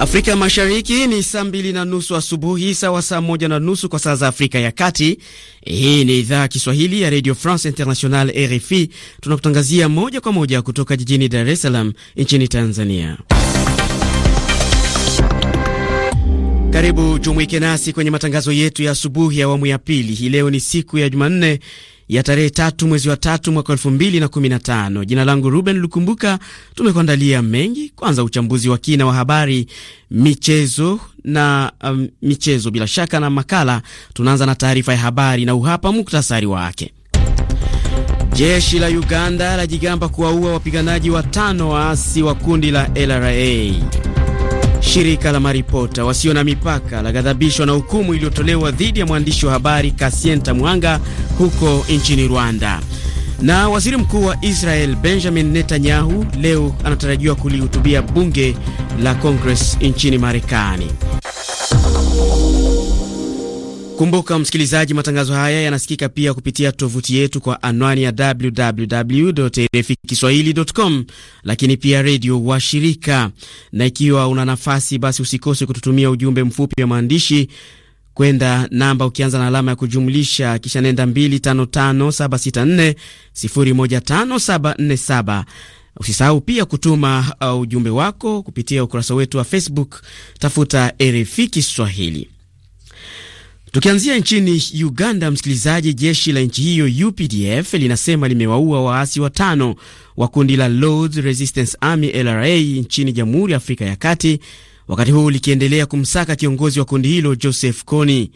Afrika Mashariki ni saa mbili na nusu asubuhi, sawa saa moja na nusu kwa saa za Afrika ya Kati. Hii ni idhaa ya Kiswahili ya Radio France International, RFI. Tunakutangazia moja kwa moja kutoka jijini Dar es Salaam nchini Tanzania. Karibu jumuike nasi kwenye matangazo yetu ya asubuhi ya awamu ya pili. Hii leo ni siku ya Jumanne ya tarehe tatu mwezi wa tatu mwaka elfu mbili na kumi na tano. Jina langu Ruben Lukumbuka. Tumekuandalia mengi, kwanza uchambuzi wa kina wa habari, michezo na um, michezo bila shaka na makala. Tunaanza na taarifa ya habari na uhapa muktasari wake. Jeshi la Uganda lajigamba kuwaua wapiganaji watano waasi wa kundi la LRA. Shirika la maripota wasio na mipaka la laghadhabishwa na hukumu iliyotolewa dhidi ya mwandishi wa habari Kasienta Mwanga huko nchini Rwanda. Na waziri mkuu wa Israel Benjamin Netanyahu leo anatarajiwa kulihutubia bunge la Congress nchini Marekani. Kumbuka msikilizaji, matangazo haya yanasikika pia kupitia tovuti yetu kwa anwani ya com lakini pia redio wa shirika. Na ikiwa una nafasi, basi usikose kututumia ujumbe mfupi wa maandishi kwenda namba ukianza na alama ya kujumlisha kisha nenda 255764015747. Usisahau pia kutuma uh, ujumbe wako kupitia ukurasa wetu wa Facebook, tafuta RFI Kiswahili. Tukianzia nchini Uganda, msikilizaji, jeshi la nchi hiyo UPDF linasema limewaua waasi watano wa kundi la Lords Resistance Army LRA nchini Jamhuri ya Afrika ya Kati, wakati huu likiendelea kumsaka kiongozi wa kundi hilo Joseph Kony.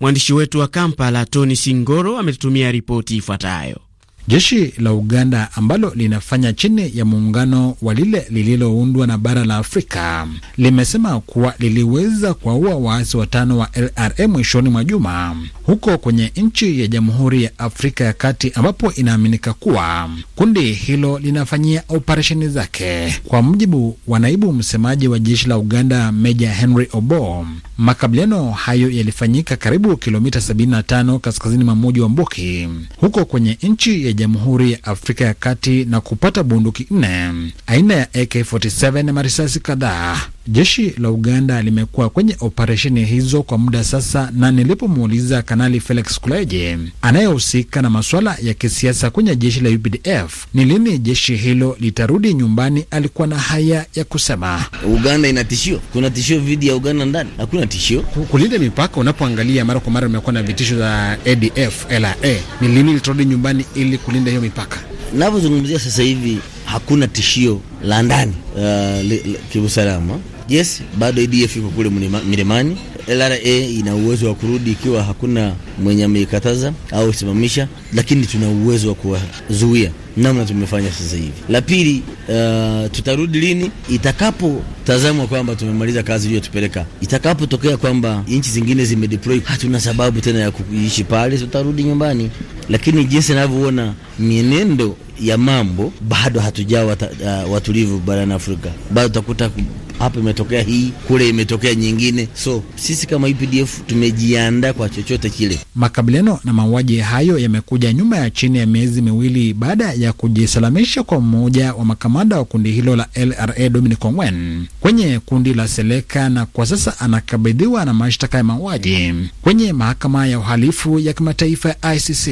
Mwandishi wetu wa Kampala Tony Singoro ametutumia ripoti ifuatayo. Jeshi la Uganda ambalo linafanya chini ya muungano wa lile lililoundwa na bara la Afrika limesema kuwa liliweza kuwaua waasi watano wa LRA mwishoni mwa juma huko kwenye nchi ya Jamhuri ya Afrika ya Kati, ambapo inaaminika kuwa kundi hilo linafanyia operesheni zake. Kwa mujibu wa naibu msemaji wa jeshi la Uganda, Meja Henry Obo, makabiliano hayo yalifanyika karibu kilomita 75 kaskazini mwa mji wa Mboki huko kwenye nchi ya Jamhuri ya Afrika ya Kati na kupata bunduki nne aina ya AK47 na marisasi kadhaa. Jeshi la Uganda limekuwa kwenye operesheni hizo kwa muda sasa, na nilipomuuliza Kanali Felix Kuleje anayehusika na masuala ya kisiasa kwenye jeshi la UPDF ni lini jeshi hilo litarudi nyumbani, alikuwa na haya ya kusema. Uganda ina tishio, kuna tishio dhidi ya Uganda ndani, hakuna tishio kulinda mipaka. Unapoangalia mara kwa mara umekuwa na vitisho za ADF LRA, ni lini litarudi nyumbani ili kulinda hiyo mipaka? Navyozungumzia sasa hivi hakuna tishio la ndani uh, kiusalama Yes, bado ADF iko kule milimani. LRA ina uwezo wa kurudi ikiwa hakuna mwenye ameikataza au simamisha, lakini tuna uwezo wa kuwazuia namna tumefanya sasa hivi. La pili, uh, tutarudi lini? Itakapotazamwa kwamba tumemaliza kazi iliyotupeleka, itakapotokea kwamba nchi zingine zimedeploy, hatuna sababu tena ya kuishi pale, tutarudi nyumbani. Lakini jinsi navyoona mienendo ya mambo, bado hatujawa uh, watulivu barani Afrika, bado utakuta hapa imetokea hii, kule imetokea nyingine. So sisi kama UPDF e tumejiandaa kwa chochote kile. Makabiliano na mauaji hayo yamekuja nyuma ya chini ya miezi miwili baada ya kujisalamisha kwa mmoja wa makamanda wa kundi hilo la LRA Dominic Ongwen kwenye kundi la Seleka, na kwa sasa anakabidhiwa na mashtaka ya mauaji kwenye mahakama ya uhalifu ya kimataifa ya ICC.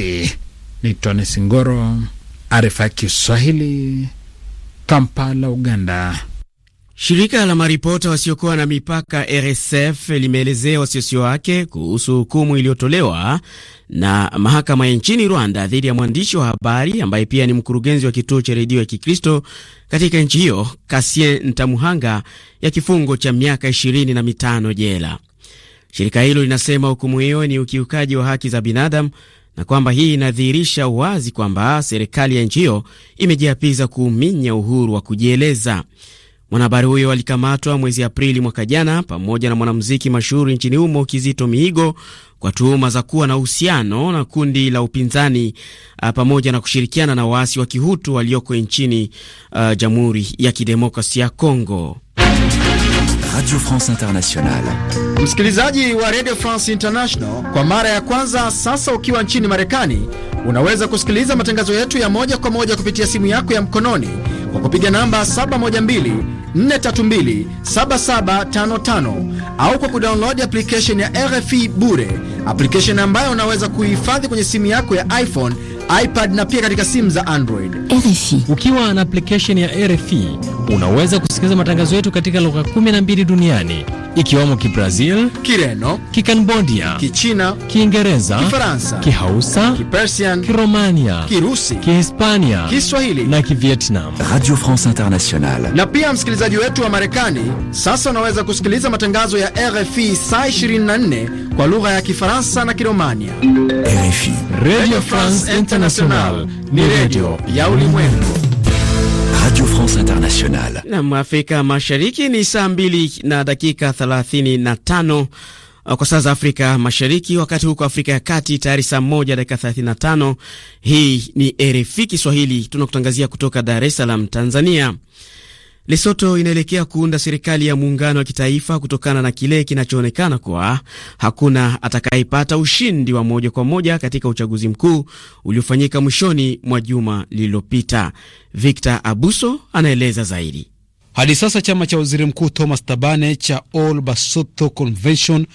Ni Tony Singoro, RFI Kiswahili, Kampala, Uganda. Shirika la maripota wasiokuwa na mipaka RSF limeelezea wasiwasi wake kuhusu hukumu iliyotolewa na mahakama ya nchini Rwanda dhidi ya mwandishi wa habari ambaye pia ni mkurugenzi wa kituo cha redio ya Kikristo katika nchi hiyo, Kasien Ntamuhanga, ya kifungo cha miaka ishirini na mitano jela. Shirika hilo linasema hukumu hiyo ni ukiukaji wa haki za binadamu na kwamba hii inadhihirisha wazi kwamba serikali ya nchi hiyo imejiapiza kuuminya uhuru wa kujieleza. Mwanahabari huyo alikamatwa mwezi Aprili mwaka jana pamoja na mwanamuziki mashuhuri nchini humo Kizito Miigo kwa tuhuma za kuwa na uhusiano na kundi la upinzani ah, pamoja na kushirikiana na waasi wa Kihutu walioko nchini uh, Jamhuri ya Kidemokrasia ya Kongo. Radio France Internationale. Msikilizaji wa Radio France International, kwa mara ya kwanza sasa ukiwa nchini Marekani, unaweza kusikiliza matangazo yetu ya moja kwa moja kupitia simu yako ya mkononi kwa kupiga namba 712-432-7755 au kwa kudownload application ya RFI bure, application ambayo unaweza kuhifadhi kwenye simu yako ya iPhone, iPad na pia katika simu za Android. RFI. Ukiwa na application ya RFI unaweza kusikiliza matangazo yetu katika lugha 12 duniani ikiwemo Kibrazil, Kireno, Kikambodia, Kichina, Kiingereza, Kifaransa, Kihausa, Kipersian, Kiromania, Kirusi, Kihispania, Kiswahili na Kivietnam. Radio France International. Na pia msikilizaji wetu wa Marekani sasa unaweza kusikiliza matangazo ya RFI saa 24 kwa lugha ya Kifaransa na Kiromania. RFI. Radio France International ni redio ya ulimwengu. Radio France Internationale. Na Afrika Mashariki ni saa mbili na dakika 35 uh, kwa saa za Afrika Mashariki, wakati huko Afrika ya Kati tayari saa moja dakika 35. Hii ni RFI Kiswahili, tunakutangazia kutoka Dar es Salaam, Tanzania. Lesoto inaelekea kuunda serikali ya muungano wa kitaifa kutokana na kile kinachoonekana kuwa hakuna atakayepata ushindi wa moja kwa moja katika uchaguzi mkuu uliofanyika mwishoni mwa juma lililopita. Victor Abuso anaeleza zaidi. Hadi sasa chama cha waziri mkuu Thomas Tabane cha All Basotho Convention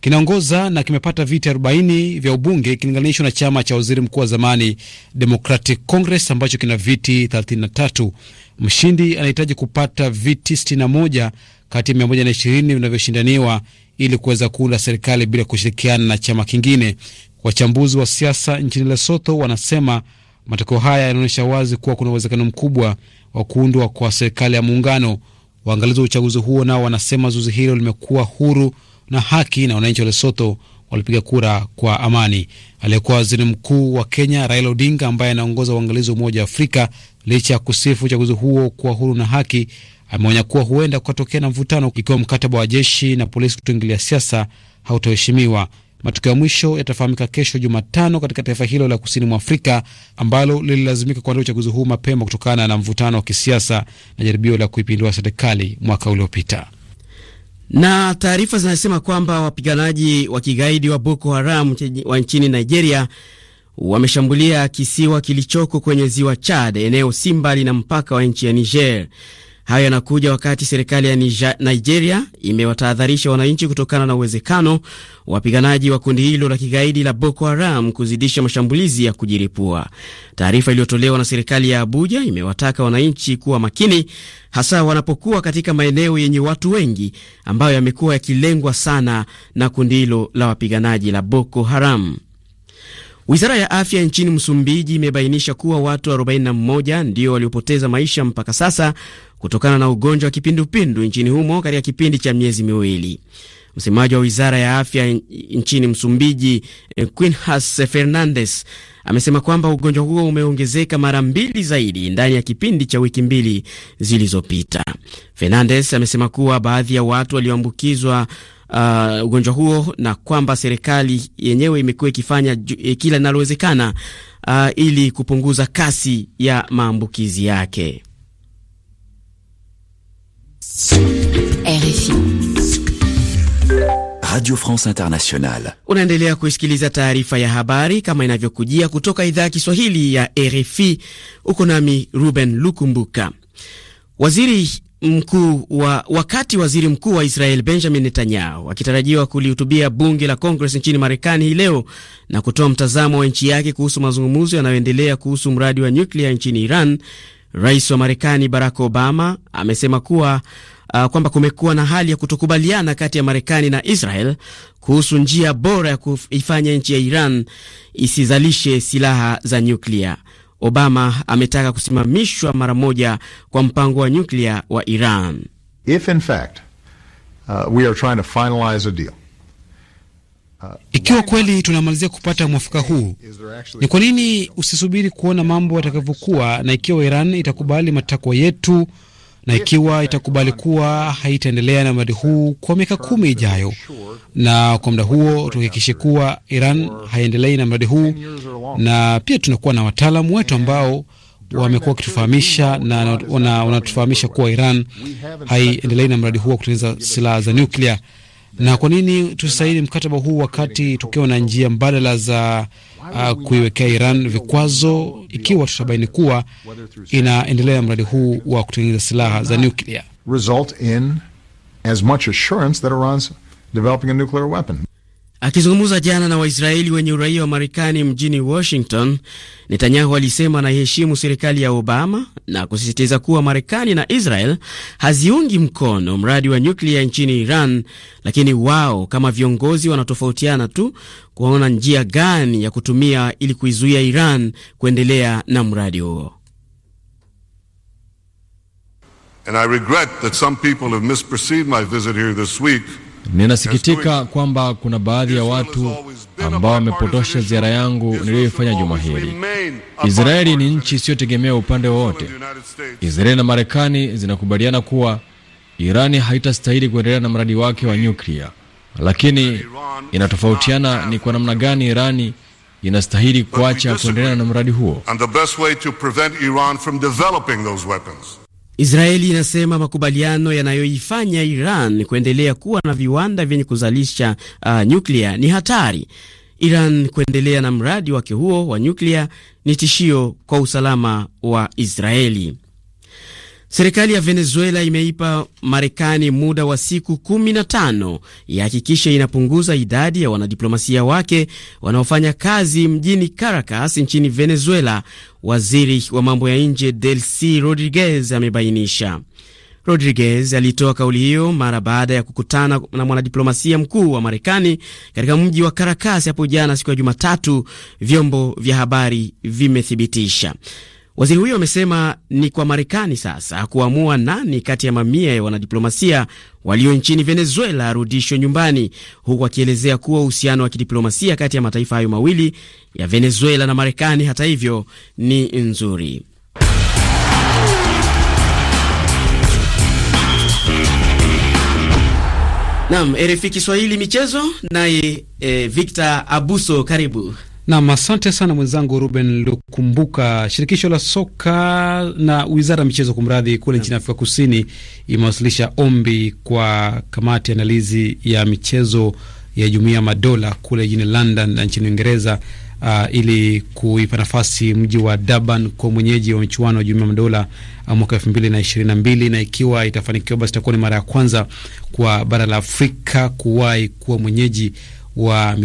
kinaongoza na kimepata viti 40 vya ubunge ikilinganishwa na chama cha waziri mkuu wa zamani Democratic Congress ambacho kina viti 33. Mshindi anahitaji kupata viti 61 kati ya 120 vinavyoshindaniwa ili kuweza kuunda serikali bila kushirikiana na chama kingine. Wachambuzi wa siasa nchini Lesotho wanasema matokeo haya yanaonyesha wazi kuwa kuna uwezekano mkubwa wa kuundwa kwa serikali ya muungano. Waangalizi wa uchaguzi huo nao wanasema zoezi hilo limekuwa huru na haki na wananchi wa Lesotho walipiga kura kwa amani. Aliyekuwa waziri mkuu wa Kenya Raila Odinga, ambaye anaongoza uangalizi wa Umoja wa Afrika Licha ya kusifu uchaguzi huo kuwa huru na haki, ameonya kuwa huenda kukatokea na mvutano ikiwa mkataba wa jeshi na polisi kutoingilia siasa hautaheshimiwa. Matokeo ya mwisho yatafahamika kesho Jumatano katika taifa hilo la kusini mwa Afrika ambalo lililazimika kuandaa uchaguzi huu mapema kutokana na mvutano wa kisiasa na jaribio la kuipindua serikali mwaka uliopita. Na taarifa zinasema kwamba wapiganaji wa kigaidi wa Boko Haram wa nchini Nigeria wameshambulia kisiwa kilichoko kwenye ziwa Chad, eneo si mbali na mpaka wa nchi ya Niger. Hayo yanakuja wakati serikali ya Nigeria imewatahadharisha wananchi kutokana na uwezekano wapiganaji wa kundi hilo la kigaidi la Boko Haram kuzidisha mashambulizi ya kujiripua. Taarifa iliyotolewa na serikali ya Abuja imewataka wananchi kuwa makini, hasa wanapokuwa katika maeneo yenye watu wengi ambayo yamekuwa yakilengwa sana na kundi hilo la wapiganaji la Boko Haram. Wizara ya afya nchini Msumbiji imebainisha kuwa watu 41 ndio waliopoteza maisha mpaka sasa kutokana na ugonjwa wa kipindupindu nchini humo katika kipindi cha miezi miwili. Msemaji wa wizara ya afya nchini Msumbiji, eh, Quinhas Fernandes, amesema kwamba ugonjwa huo umeongezeka mara mbili zaidi ndani ya kipindi cha wiki mbili zilizopita. Fernandes amesema kuwa baadhi ya watu walioambukizwa uh, ugonjwa huo na kwamba serikali yenyewe imekuwa ikifanya eh, kila linalowezekana uh, ili kupunguza kasi ya maambukizi yake. RFI. Radio France Internationale. Unaendelea kuisikiliza taarifa ya habari kama inavyokujia kutoka idhaa ya Kiswahili ya RFI. Uko nami Ruben Lukumbuka. Waziri mkuu wa wakati waziri mkuu wa Israel Benjamin Netanyahu akitarajiwa kulihutubia bunge la Congress nchini Marekani hii leo na kutoa mtazamo wa nchi yake kuhusu mazungumzo yanayoendelea kuhusu mradi wa nyuklia nchini Iran, rais wa Marekani Barack Obama amesema kuwa uh, kwamba kumekuwa na hali ya kutokubaliana kati ya Marekani na Israel kuhusu njia bora ya kuifanya nchi ya Iran isizalishe silaha za nyuklia. Obama ametaka kusimamishwa mara moja kwa mpango wa nyuklia wa Iran. If in fact, uh, we are trying to finalize a deal. Uh, ikiwa kweli tunamalizia kupata mwafaka huu, ni kwa nini usisubiri kuona mambo yatakavyokuwa, na ikiwa Iran itakubali matakwa yetu na ikiwa itakubali kuwa haitaendelea na mradi huu kwa miaka kumi ijayo, na kwa muda huo tuhakikishe kuwa Iran haiendelei na mradi huu, na pia tunakuwa na wataalamu wetu ambao wamekuwa wakitufahamisha na wanatufahamisha kuwa Iran haiendelei na mradi huu wa kutengeneza silaha za nyuklia. Na kwa nini tusaini mkataba huu wakati tukiwa na njia mbadala za uh, kuiwekea Iran vikwazo ikiwa tutabaini kuwa inaendelea mradi huu wa kutengeneza silaha za nyuklia? Akizungumza jana na Waisraeli wenye uraia wa Marekani mjini Washington, Netanyahu alisema anaiheshimu serikali ya Obama na kusisitiza kuwa Marekani na Israel haziungi mkono mradi wa nyuklia nchini Iran, lakini wao kama viongozi wanatofautiana tu kuona njia gani ya kutumia ili kuizuia Iran kuendelea na mradi huo. And I regret that some people have misperceived my visit here this week. Ninasikitika kwamba kuna baadhi ya watu ambao wamepotosha ziara yangu niliyoifanya juma hili. Israeli ni nchi isiyotegemea upande wowote. Israeli na Marekani zinakubaliana kuwa Irani haitastahili kuendelea na mradi wake wa nyuklia, lakini inatofautiana ni kwa namna gani Irani inastahili kuacha kuendelea na mradi huo. And the best way to prevent Iran from developing those weapons Israeli inasema makubaliano yanayoifanya Iran kuendelea kuwa na viwanda vyenye kuzalisha uh, nyuklia ni hatari. Iran kuendelea na mradi wake huo wa nyuklia ni tishio kwa usalama wa Israeli. Serikali ya Venezuela imeipa Marekani muda wa siku kumi na tano ihakikishe inapunguza idadi ya wanadiplomasia wake wanaofanya kazi mjini Caracas nchini Venezuela, waziri wa mambo ya nje Delcy Rodriguez amebainisha. Rodriguez alitoa kauli hiyo mara baada ya kukutana na mwanadiplomasia mkuu wa Marekani katika mji wa Caracas hapo jana siku ya Jumatatu, vyombo vya habari vimethibitisha. Waziri huyo amesema ni kwa Marekani sasa kuamua nani kati ya mamia ya wanadiplomasia walio nchini Venezuela arudishwe nyumbani, huku akielezea kuwa uhusiano wa kidiplomasia kati ya mataifa hayo mawili ya Venezuela na Marekani hata hivyo ni nzuri. Nam RFI Kiswahili michezo, naye eh, Victor Abuso, karibu. Nam, asante sana mwenzangu Ruben Lukumbuka. Shirikisho la soka na wizara ya michezo kumradhi, kule nchini Afrika Kusini imewasilisha ombi kwa kamati ya andalizi ya michezo ya Jumuiya ya Madola kule jijini London na nchini Uingereza uh, ili kuipa nafasi mji wa Durban kwa mwenyeji wa michuano ya Jumuiya ya Madola uh, mwaka elfu mbili na ishirini na mbili na ikiwa itafanikiwa, basi itakuwa ni mara ya kwanza kwa bara la Afrika kuwahi kuwa mwenyeji wa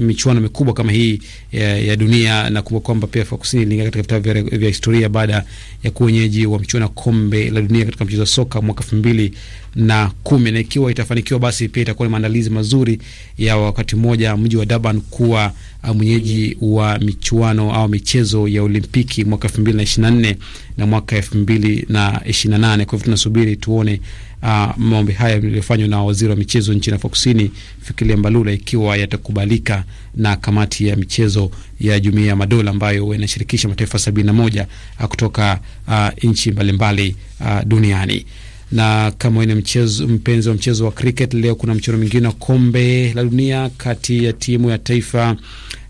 michuano mikubwa kama hii ya, ya dunia. Nakumbuka kwamba pia Afrika Kusini iliingia katika vitabu vya, historia baada ya kuwa wenyeji wa ya kombe la dunia katika mchezo wa soka mwaka elfu mbili na kumi, na ikiwa itafanikiwa basi pia itakuwa ni maandalizi mazuri ya wakati mmoja mji wa Durban kuwa uh, mwenyeji wa michuano au michezo ya Olimpiki mwaka elfu mbili na ishirini na nne na mwaka elfu mbili na ishirini na nane. Kwa hivyo tunasubiri tuone Ah, maombi haya yaliyofanywa na waziri wa michezo nchini Afrika Kusini Fikile Mbalula, ikiwa yatakubalika na kamati ya michezo ya Jumuiya ya Madola ambayo inashirikisha mataifa sabini na moja ah, kutoka uh, nchi mbalimbali uh, duniani na kama wewe ni mchezo mpenzi wa mchezo wa cricket, leo kuna mchezo mwingine wa kombe la dunia kati ya timu ya taifa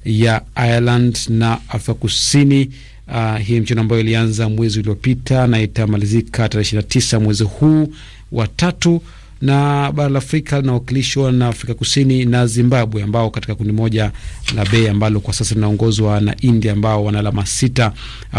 ya Ireland na Afrika Kusini. Uh, hii mchezo ambayo ilianza mwezi uliopita na itamalizika tarehe na tisa mwezi huu watatu na bara la Afrika linawakilishwa na Afrika Kusini na Zimbabwe ambao katika kundi moja la bei ambalo kwa sasa linaongozwa na India ambao wana alama sita,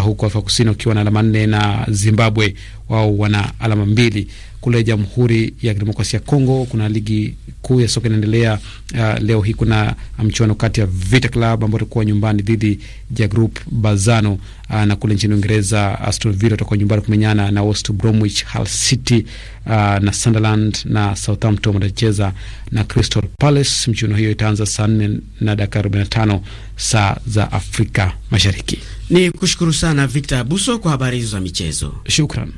huku Afrika Kusini wakiwa na alama nne na Zimbabwe wao wana alama mbili. Kule Jamhuri ya Kidemokrasia ya Kongo kuna ligi kuu ya soka inaendelea. Uh, leo hii kuna uh, mchuano kati ya Vita Club ambao itakuwa nyumbani dhidi ya Group Bazano. Uh, na kule nchini Uingereza uh, Aston Villa watakuwa nyumbani kumenyana na West Bromwich, Hull City uh, na Sunderland na Southampton watacheza na Crystal Palace. Mchuano hiyo itaanza saa nne na dakika arobaini na tano saa za Afrika Mashariki. Ni kushukuru sana Victor Buso kwa habari hizo za michezo. Shukran.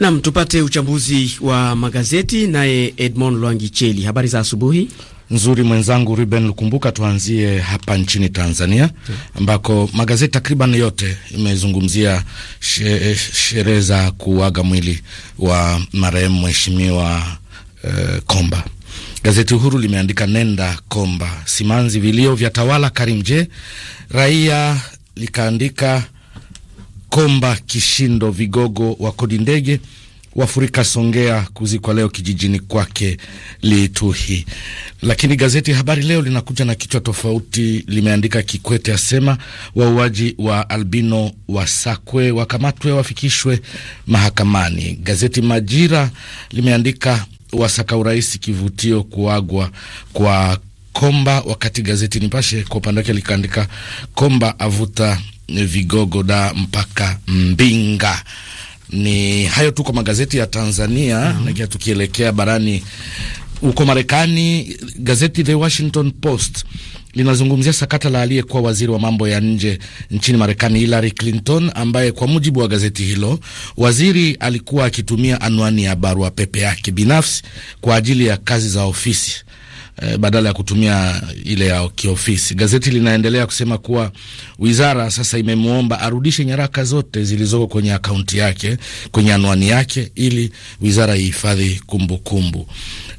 Nam, tupate uchambuzi wa magazeti naye Edmond Lwangicheli. Habari za asubuhi. Nzuri mwenzangu Ruben Lukumbuka. Tuanzie hapa nchini Tanzania ambako magazeti takriban yote imezungumzia sherehe she za kuaga mwili wa marehemu mheshimiwa uh, Komba Gazeti Uhuru limeandika nenda Komba, simanzi vilio vya tawala karimje Raia likaandika Komba kishindo, vigogo wa kodi ndege wafurika Songea, kuzikwa leo kijijini kwake Lituhi. Lakini gazeti Habari Leo linakuja na kichwa tofauti, limeandika Kikwete asema wauaji wa albino wasakwe, wakamatwe, wafikishwe mahakamani. Gazeti Majira limeandika wasaka urais kivutio kuagwa kwa Komba, wakati gazeti Nipashe kwa upande wake likaandika Komba avuta vigogo da mpaka Mbinga. Ni hayo tu kwa magazeti ya Tanzania mm -hmm. tukielekea barani huko Marekani, gazeti The Washington Post linazungumzia sakata la aliyekuwa waziri wa mambo ya nje nchini Marekani Hillary Clinton, ambaye kwa mujibu wa gazeti hilo waziri alikuwa akitumia anwani ya barua pepe yake binafsi kwa ajili ya kazi za ofisi eh, badala ya kutumia ile ya kiofisi. Gazeti linaendelea kusema kuwa wizara sasa imemwomba arudishe nyaraka zote zilizoko kwenye akaunti yake kwenye anwani yake ili wizara ihifadhi kumbukumbu.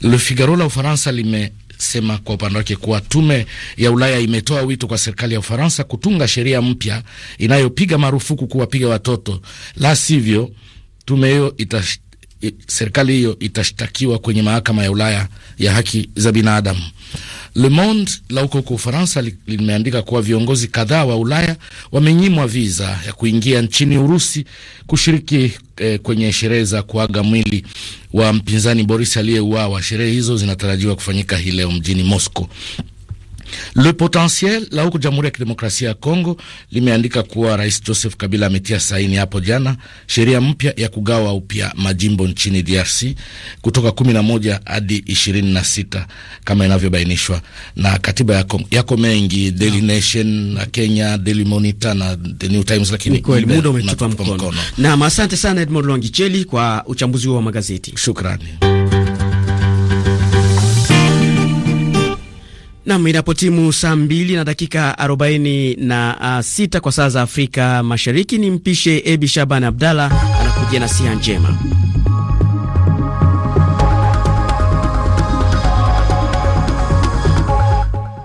Le Figaro la Ufaransa lime sema kwa upande wake kuwa tume ya Ulaya imetoa wito kwa serikali ya Ufaransa kutunga sheria mpya inayopiga marufuku kuwapiga watoto, la sivyo tume hiyo ita serikali hiyo itashtakiwa kwenye mahakama ya Ulaya ya haki za binadamu. Le Monde la huko huko Ufaransa limeandika kuwa viongozi kadhaa wa Ulaya wamenyimwa viza ya kuingia nchini Urusi kushiriki eh, kwenye sherehe za kuaga mwili wa mpinzani Boris aliyeuawa. Sherehe hizo zinatarajiwa kufanyika hii leo mjini Moscow. Le Potentiel la huko Jamhuri ya Kidemokrasia ya Kongo limeandika kuwa Rais Joseph Kabila ametia saini hapo jana sheria mpya ya kugawa upya majimbo nchini DRC kutoka 11 hadi 26 kama inavyobainishwa na katiba Kongo. yako mengi Daily Nation na Kenya Daily Monitor na The New Times, lakini muda umetupa mkono. Na asante sana Edmond Longicheli kwa uchambuzi wa magazeti. Shukrani. Nam, inapotimu saa mbili na dakika arobaini na uh, sita kwa saa za Afrika Mashariki, ni mpishe Ebi Shaban Abdalla anakujia na siha njema.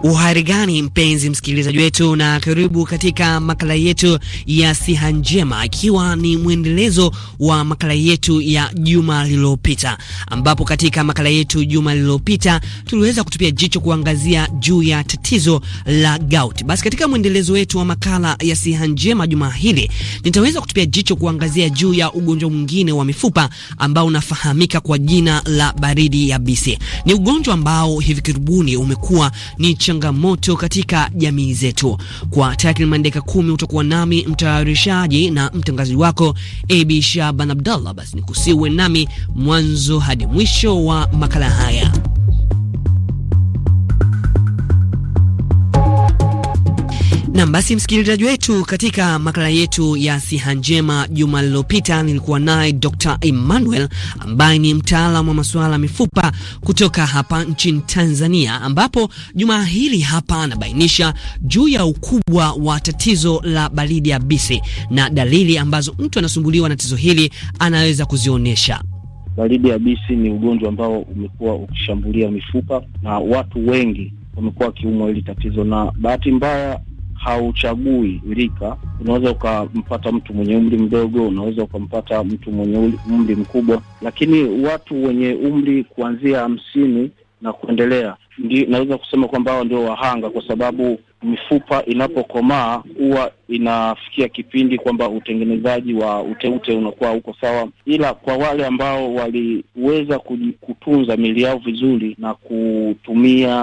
Uhari gani mpenzi msikilizaji wetu, na karibu katika makala yetu ya siha njema, ikiwa ni mwendelezo wa makala yetu ya juma lililopita, ambapo katika makala yetu juma lililopita tuliweza kutupia jicho kuangazia juu ya tatizo la gout. Basi katika mwendelezo wetu wa makala ya siha njema juma hili nitaweza kutupia jicho kuangazia juu ya ugonjwa mwingine wa mifupa ambao unafahamika kwa jina la baridi ya Ni ugonjwa ambao hivi karibuni umekuwa ni changamoto katika jamii zetu. Kwa takriban dakika kumi utakuwa nami mtayarishaji na mtangazaji wako Abi Shaban Abdallah. Basi nikusiwe nami mwanzo hadi mwisho wa makala haya. Nam basi, msikilizaji wetu, katika makala yetu ya siha njema juma lililopita nilikuwa naye Dr. Emmanuel ambaye ni mtaalamu wa masuala ya mifupa kutoka hapa nchini Tanzania, ambapo juma hili hapa anabainisha juu ya ukubwa wa tatizo la baridi yabisi na dalili ambazo mtu anasumbuliwa na tatizo hili anaweza kuzionyesha. Baridi yabisi ni ugonjwa ambao umekuwa ukishambulia mifupa na watu wengi wamekuwa wakiumwa hili tatizo, na bahati mbaya hauchagui rika. Unaweza ukampata mtu mwenye umri mdogo, unaweza ukampata mtu mwenye umri mkubwa, lakini watu wenye umri kuanzia hamsini na kuendelea ndi, naweza kusema kwamba hao ndio wahanga, kwa sababu mifupa inapokomaa huwa inafikia kipindi kwamba utengenezaji wa uteute unakuwa uko sawa, ila kwa wale ambao waliweza kutunza miili yao vizuri na kutumia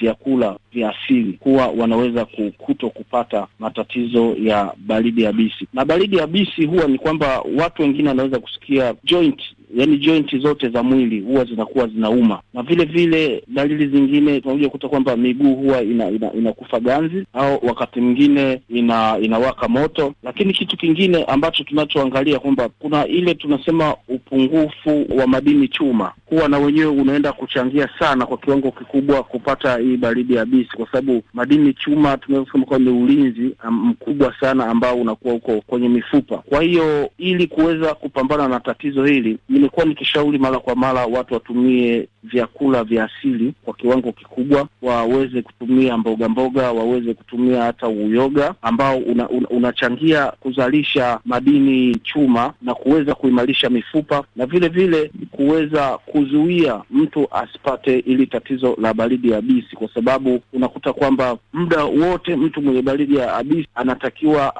vyakula vya asili, huwa wanaweza kuto kupata matatizo ya baridi yabisi. Na baridi yabisi huwa ni kwamba watu wengine wanaweza kusikia joint yani jointi zote za mwili huwa zinakuwa zinauma, na vile vile dalili zingine tunakuja kuta kwamba miguu huwa inakufa ina, ina ganzi au wakati mwingine ina inawaka moto. Lakini kitu kingine ambacho tunachoangalia kwamba kuna ile tunasema upungufu wa madini chuma, huwa na wenyewe unaenda kuchangia sana kwa kiwango kikubwa kupata hii baridi yabisi, kwa sababu madini chuma tunaweza kusema kwamba ni ulinzi um, mkubwa sana ambao unakuwa huko kwenye mifupa. Kwa hiyo ili kuweza kupambana na tatizo hili nimekuwa nikishauri mara kwa mara watu watumie vyakula vya asili kwa kiwango kikubwa, waweze kutumia mboga mboga, waweze kutumia hata uyoga ambao una, una, unachangia kuzalisha madini chuma na kuweza kuimarisha mifupa na vile vile kuweza kuzuia mtu asipate ili tatizo la baridi ya bisi kwa sababu unakuta kwamba muda wote mtu mwenye baridi ya abisi anatakiwa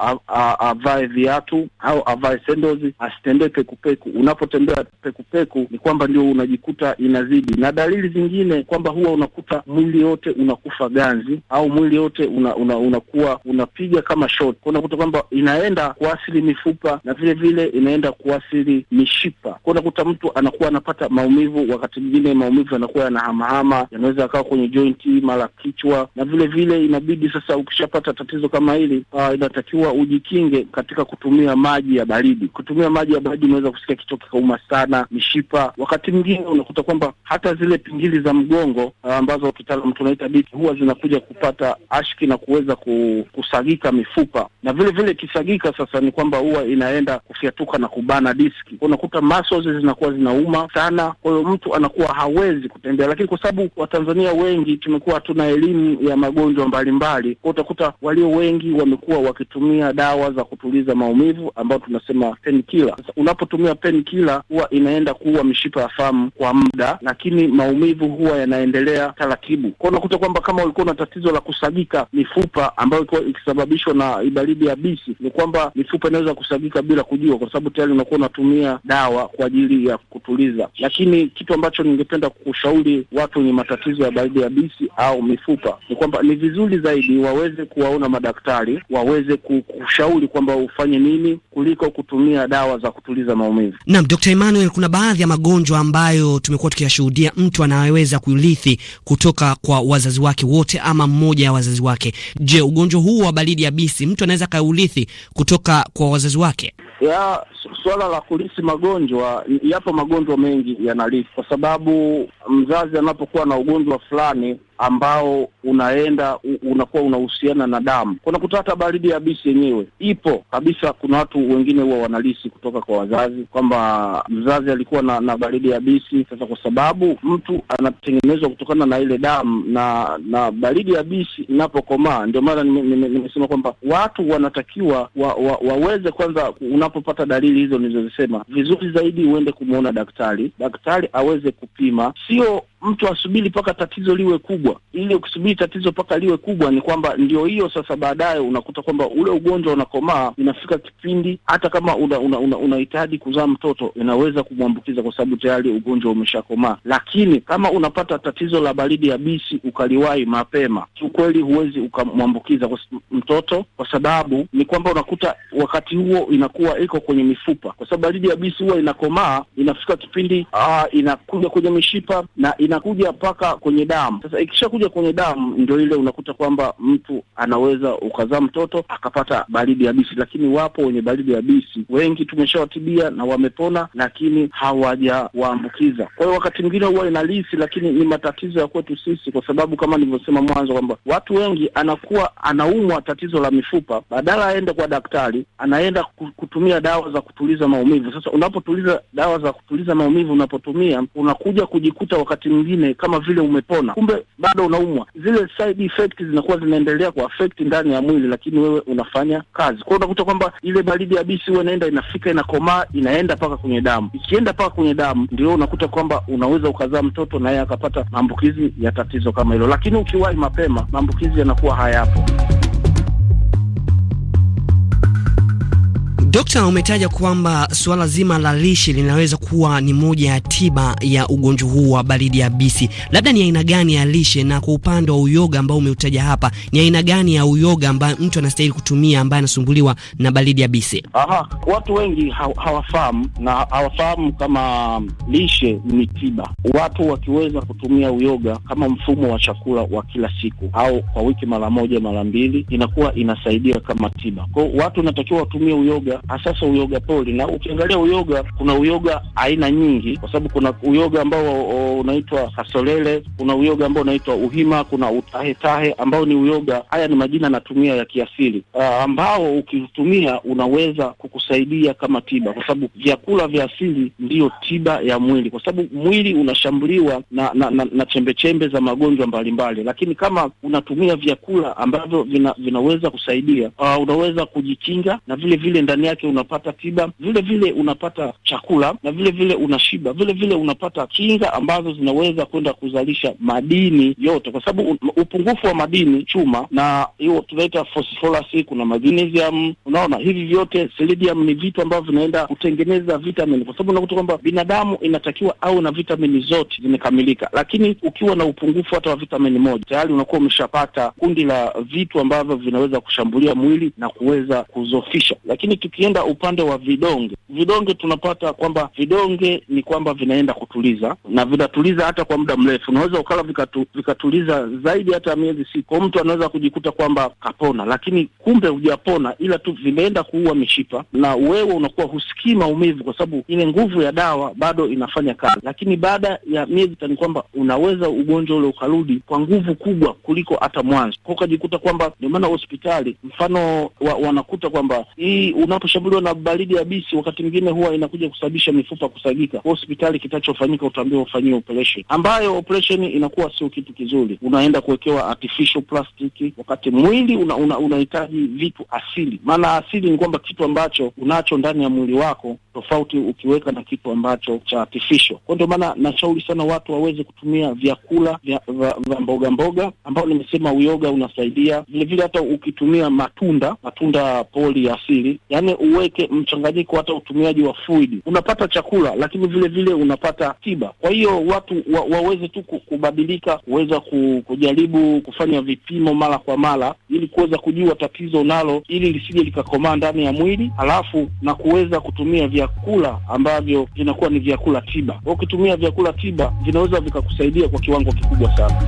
avae viatu au avae sendozi, asitembee pekupeku. Unapotembea pekupeku ni kwamba ndio unajikuta inazidi, na dalili zingine kwamba huwa unakuta mwili yote unakufa ganzi au mwili yote una, una, unapiga kama shot. Unakuta kwamba inaenda kuathiri mifupa na vile vile inaenda kuathiri mishipa, kwa unakuta mtu anakuwa anakuwa anapata maumivu, wakati mwingine maumivu yanakuwa yanahamahama, yanaweza akawa kwenye jointi, mara kichwa, na vile vile inabidi sasa, ukishapata tatizo kama hili uh, inatakiwa ujikinge katika kutumia maji ya baridi. Kutumia maji ya baridi, unaweza kusikia kichwa kikauma sana, mishipa. Wakati mwingine unakuta kwamba hata zile pingili za mgongo ah, ambazo kitaalam tunaita biki huwa zinakuja kupata ashki na kuweza kusagika mifupa, na vile vile kisagika, sasa ni kwamba huwa inaenda kufyatuka na kubana diski. Unakuta muscles zinakuwa zinauma homa sana, kwa hiyo mtu anakuwa hawezi kutembea. Lakini kwa sababu Watanzania wengi tumekuwa hatuna elimu ya magonjwa mbalimbali, kwa utakuta walio wengi wamekuwa wakitumia dawa za kutuliza maumivu ambayo tunasema Sasa Unapotumia killer huwa inaenda kuua mishipa ya fahamu kwa muda, lakini maumivu huwa yanaendelea taratibu. Kwa unakuta kwamba kama ulikuwa na tatizo la kusagika mifupa ambayo ilikuwa ikisababishwa na ya yabisi, ni kwamba mifupa inaweza kusagika bila kujua, kwa sababu tayari unakuwa unatumia dawa kwa ajili ya kutuliza kumaliza. lakini kitu ambacho ningependa kushauri watu wenye matatizo ya baridi ya bisi au mifupa ni kwamba ni vizuri zaidi waweze kuwaona madaktari, waweze kushauri kwamba ufanye nini kuliko kutumia dawa za kutuliza maumivu. Naam, Dr. Emmanuel, kuna baadhi ya magonjwa ambayo tumekuwa tukiyashuhudia mtu anaweza kurithi kutoka kwa wazazi wake wote ama mmoja ya wazazi wake. Je, ugonjwa huu wa baridi ya bisi mtu anaweza kaurithi kutoka kwa wazazi wake? ya suala la kulisi magonjwa, yapo magonjwa mengi yanalisi, kwa sababu mzazi anapokuwa na ugonjwa fulani ambao unaenda unakuwa unahusiana na damu. Kuna kutata baridi ya bisi yenyewe ipo kabisa. Kuna watu wengine huwa wanalisi kutoka kwa wazazi kwamba mzazi alikuwa na, na baridi bisi Sasa kwa sababu mtu anatengenezwa kutokana na ile damu na na baridi bisi inapokomaa, ndio maana nimesema nime, nime kwamba watu wanatakiwa wa, wa, waweze kwanza, unapopata dalili hizo nilizozisema, vizuri zaidi uende kumwona daktari, daktari aweze kupima, sio mtu asubiri mpaka tatizo liwe kubwa. Ili ukisubiri tatizo mpaka liwe kubwa, ni kwamba ndio hiyo sasa, baadaye unakuta kwamba ule ugonjwa unakomaa, inafika kipindi hata kama unahitaji una, una, una kuzaa mtoto, inaweza kumwambukiza kwa sababu tayari ugonjwa umeshakomaa. Lakini kama unapata tatizo la baridi yabisi ukaliwahi mapema, kiukweli huwezi ukamwambukiza mtoto, kwa sababu ni kwamba unakuta wakati huo inakuwa iko kwenye mifupa, kwa sababu baridi yabisi huwa inakomaa, inafika kipindi aa, ah, inakuja kwenye mishipa na ina inakuja mpaka kwenye damu. Sasa ikishakuja kwenye damu, ndio ile unakuta kwamba mtu anaweza ukazaa mtoto akapata baridi yabisi, lakini wapo wenye baridi yabisi wengi tumeshawatibia na wamepona, lakini hawajawaambukiza. Kwa hiyo wakati mwingine huwa inalisi, lakini ni matatizo ya kwetu sisi, kwa sababu kama nilivyosema mwanzo kwamba watu wengi anakuwa anaumwa tatizo la mifupa, badala aende kwa daktari, anaenda kutumia dawa za kutuliza maumivu. Sasa unapotuliza dawa za kutuliza maumivu, unapotumia unakuja kujikuta wakati mwingine kama vile umepona, kumbe bado unaumwa. Zile side effects zinakuwa zinaendelea ku affect ndani ya mwili, lakini wewe unafanya kazi kwao. Unakuta kwamba ile baridi yabisi huwa inaenda inafika inakomaa inaenda mpaka kwenye damu. Ikienda mpaka kwenye damu, ndio unakuta kwamba unaweza ukazaa mtoto naye akapata maambukizi ya tatizo kama hilo, lakini ukiwahi mapema maambukizi yanakuwa hayapo. Dokta, umetaja kwamba suala zima la lishe linaweza kuwa ni moja ya tiba ya ugonjwa huu wa baridi yabisi. Labda ni aina gani ya lishe, na kwa upande wa uyoga ambao umeutaja hapa, ni aina gani ya uyoga ambayo mtu anastahili kutumia ambaye anasumbuliwa na baridi yabisi? Aha, watu wengi ha hawafahamu na hawafahamu kama lishe ni tiba. Watu wakiweza kutumia uyoga kama mfumo wa chakula wa kila siku au kwa wiki mara moja mara mbili, inakuwa inasaidia kama tiba. Kwa watu natakiwa watumie uyoga hasasa ah, uyoga poli Na ukiangalia uyoga, kuna uyoga aina nyingi, kwa sababu kuna uyoga ambao unaitwa kasolele, kuna uyoga ambao unaitwa uhima, kuna utahetahe ambao ni uyoga. Haya ni majina natumia ya kiasili uh, ambao ukitumia unaweza kukusaidia kama tiba, kwa sababu vyakula vya asili ndiyo tiba ya mwili, kwa sababu mwili unashambuliwa na na, na, na chembe chembe za magonjwa mbalimbali, lakini kama unatumia vyakula ambavyo vina, vinaweza kusaidia uh, unaweza kujikinga na vile vile ndani yake unapata tiba, vile vile unapata chakula na vile vile unashiba, vile vile unapata kinga ambazo zinaweza kwenda kuzalisha madini yote, kwa sababu upungufu wa madini chuma, na hiyo tunaita phosphorus, kuna magnesium. Unaona, hivi vyote selenium, ni vitu ambavyo vinaenda kutengeneza vitamini, kwa sababu unakuta kwamba binadamu inatakiwa au na vitamini zote zimekamilika, lakini ukiwa na upungufu hata wa vitamini moja, tayari unakuwa umeshapata kundi la vitu ambavyo vinaweza kushambulia mwili na kuweza kuzofisha, lakini tuki Tukienda upande wa vidonge, vidonge tunapata kwamba vidonge ni kwamba vinaenda kutuliza na vinatuliza hata kwa muda mrefu, unaweza ukala vikatu, vikatuliza zaidi hata miezi sita, mtu anaweza kujikuta kwamba kapona, lakini kumbe hujapona, ila tu vimeenda kuua mishipa na wewe unakuwa husikii maumivu, kwa sababu ile nguvu ya dawa bado inafanya kazi. Lakini baada ya miezi tani kwamba unaweza ugonjwa ule ukarudi kwa nguvu kubwa kuliko hata mwanzo, ukajikuta kwamba ndio maana hospitali mfano wa, wanakuta kwamba hii unapo Ukishabuliwa na baridi yabisi, wakati mwingine huwa inakuja kusababisha mifupa kusagika. hospitali, kitachofanyika utaambiwa ufanyiwe operation, ambayo operation inakuwa sio kitu kizuri. Unaenda kuwekewa artificial plastic, wakati mwili unahitaji una, una vitu asili. Maana asili ni kwamba kitu ambacho unacho ndani ya mwili wako tofauti ukiweka na kitu ambacho cha artificial. Kwa ndio maana nashauri sana watu waweze kutumia vyakula vya, vya, vya mboga mboga ambao nimesema uyoga unasaidia vilevile, hata ukitumia matunda matunda poli asili yani pengine uweke mchanganyiko hata utumiaji wa fluid, unapata chakula lakini vile vile unapata tiba. Kwa hiyo watu wa, waweze tu kubadilika, kuweza kujaribu kufanya vipimo mara kwa mara, ili kuweza kujua tatizo unalo, ili lisije likakomaa ndani ya mwili, halafu na kuweza kutumia vyakula ambavyo vinakuwa ni vyakula tiba. Ukitumia vyakula tiba vinaweza vikakusaidia kwa kiwango kikubwa sana.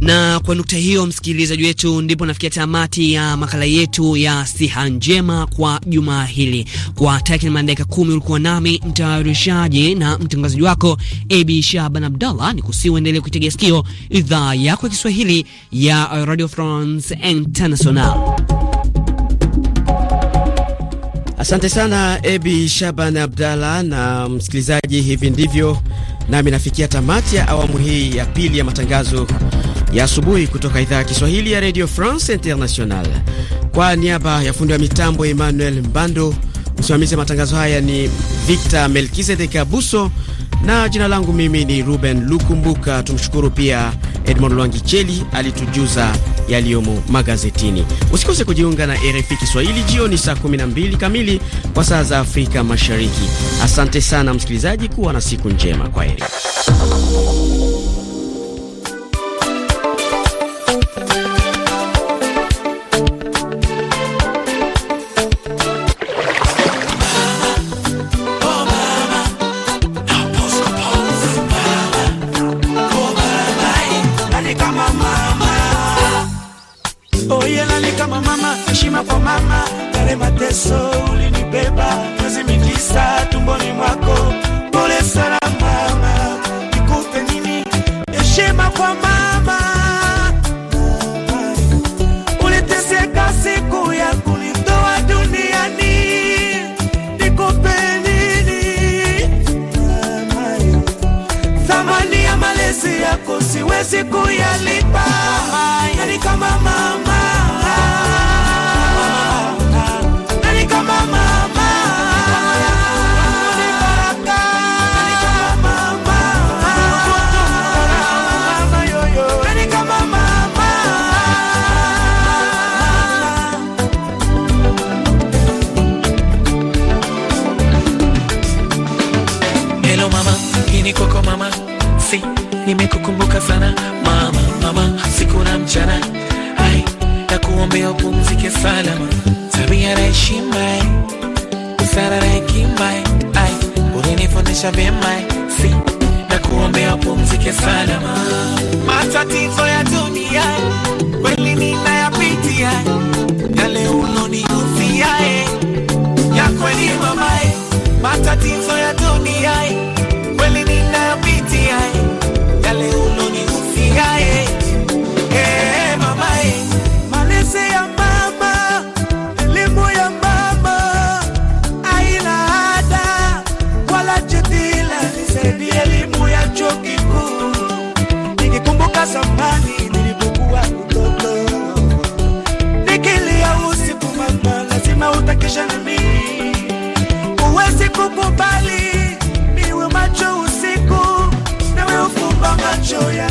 Na kwa nukta hiyo, msikilizaji wetu, ndipo nafikia tamati ya makala yetu ya siha njema kwa juma hili. Kwa takriban dakika kumi ulikuwa nami mtayarishaji na mtangazaji wako Abi Shaban Abdallah. Ni uendelee kuitegea sikio idhaa yako ya Kiswahili ya Radio France International. Asante sana abi Shaban Abdalla. Na msikilizaji, hivi ndivyo nami nafikia tamati ya awamu hii ya pili ya matangazo ya asubuhi kutoka idhaa ya Kiswahili ya Radio France International. Kwa niaba ya fundi wa mitambo Emmanuel Mbando, msimamizi wa matangazo haya ni Victor Melkizedek Abuso na jina langu mimi ni Ruben Lukumbuka. Tumshukuru pia Edmond Lwangicheli alitujuza yaliyomo magazetini. Usikose kujiunga na RFI Kiswahili jioni saa 12 kamili kwa saa za Afrika Mashariki. Asante sana msikilizaji, kuwa na siku njema. kwa heri zake salama. Matatizo ya dunia kweli ninayapitia, yale ulonigusiae ya kweli mamae. Matatizo ya dunia kweli ninayapitia, yale ulonigusiae eh, mama, elimu ya mama haina ada wala elimu ya nakumbuka zamani nilipokuwa mtoto nikilia usiku mama, lazima utakesha na mimi, huwezi kukubali niwe macho usiku nawe ufumba macho ya